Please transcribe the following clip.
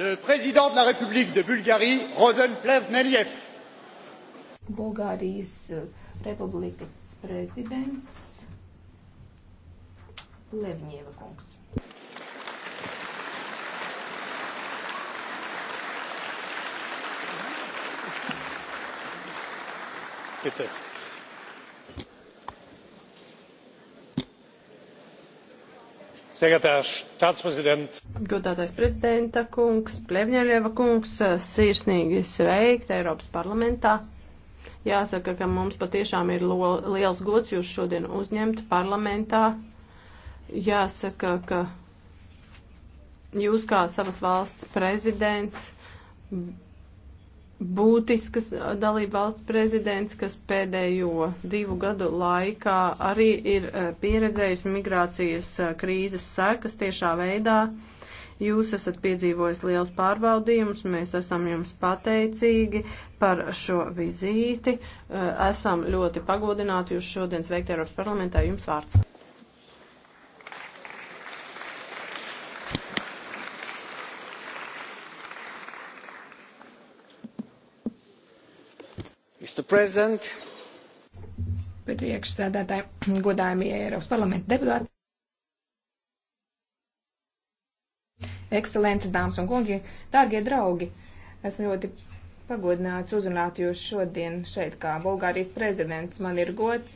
le président de la République de Bulgarie, Rosen Plevneliev. Bulgārijas eh, republikas prezidents Plevnieva kungs. Bitte. Sehr geehrter Staatspräsident! Godātais prezidenta kungs, Plevņevieva kungs, sirsnīgi sveikt Eiropas parlamentā. Jāsaka, ka mums patiešām ir liels gods jūs šodien uzņemt parlamentā. Jāsaka, ka jūs kā savas valsts prezidents būtiskas uh, dalība valsts prezidents, kas pēdējo divu gadu laikā arī ir uh, pieredzējis migrācijas uh, krīzes sekas tiešā veidā. Jūs esat piedzīvojis liels pārbaudījums, mēs esam jums pateicīgi par šo vizīti, esam ļoti pagodināti jūs šodien sveikt Eiropas parlamentā, jums vārds. Priekšsēdētāji, godājumie Eiropas parlamenta deputāti, ekscelences, dāmas un kungi, dārgie draugi, esmu ļoti pagodināts uzrunāt jūs šodien šeit kā Bulgārijas prezidents. Man ir gods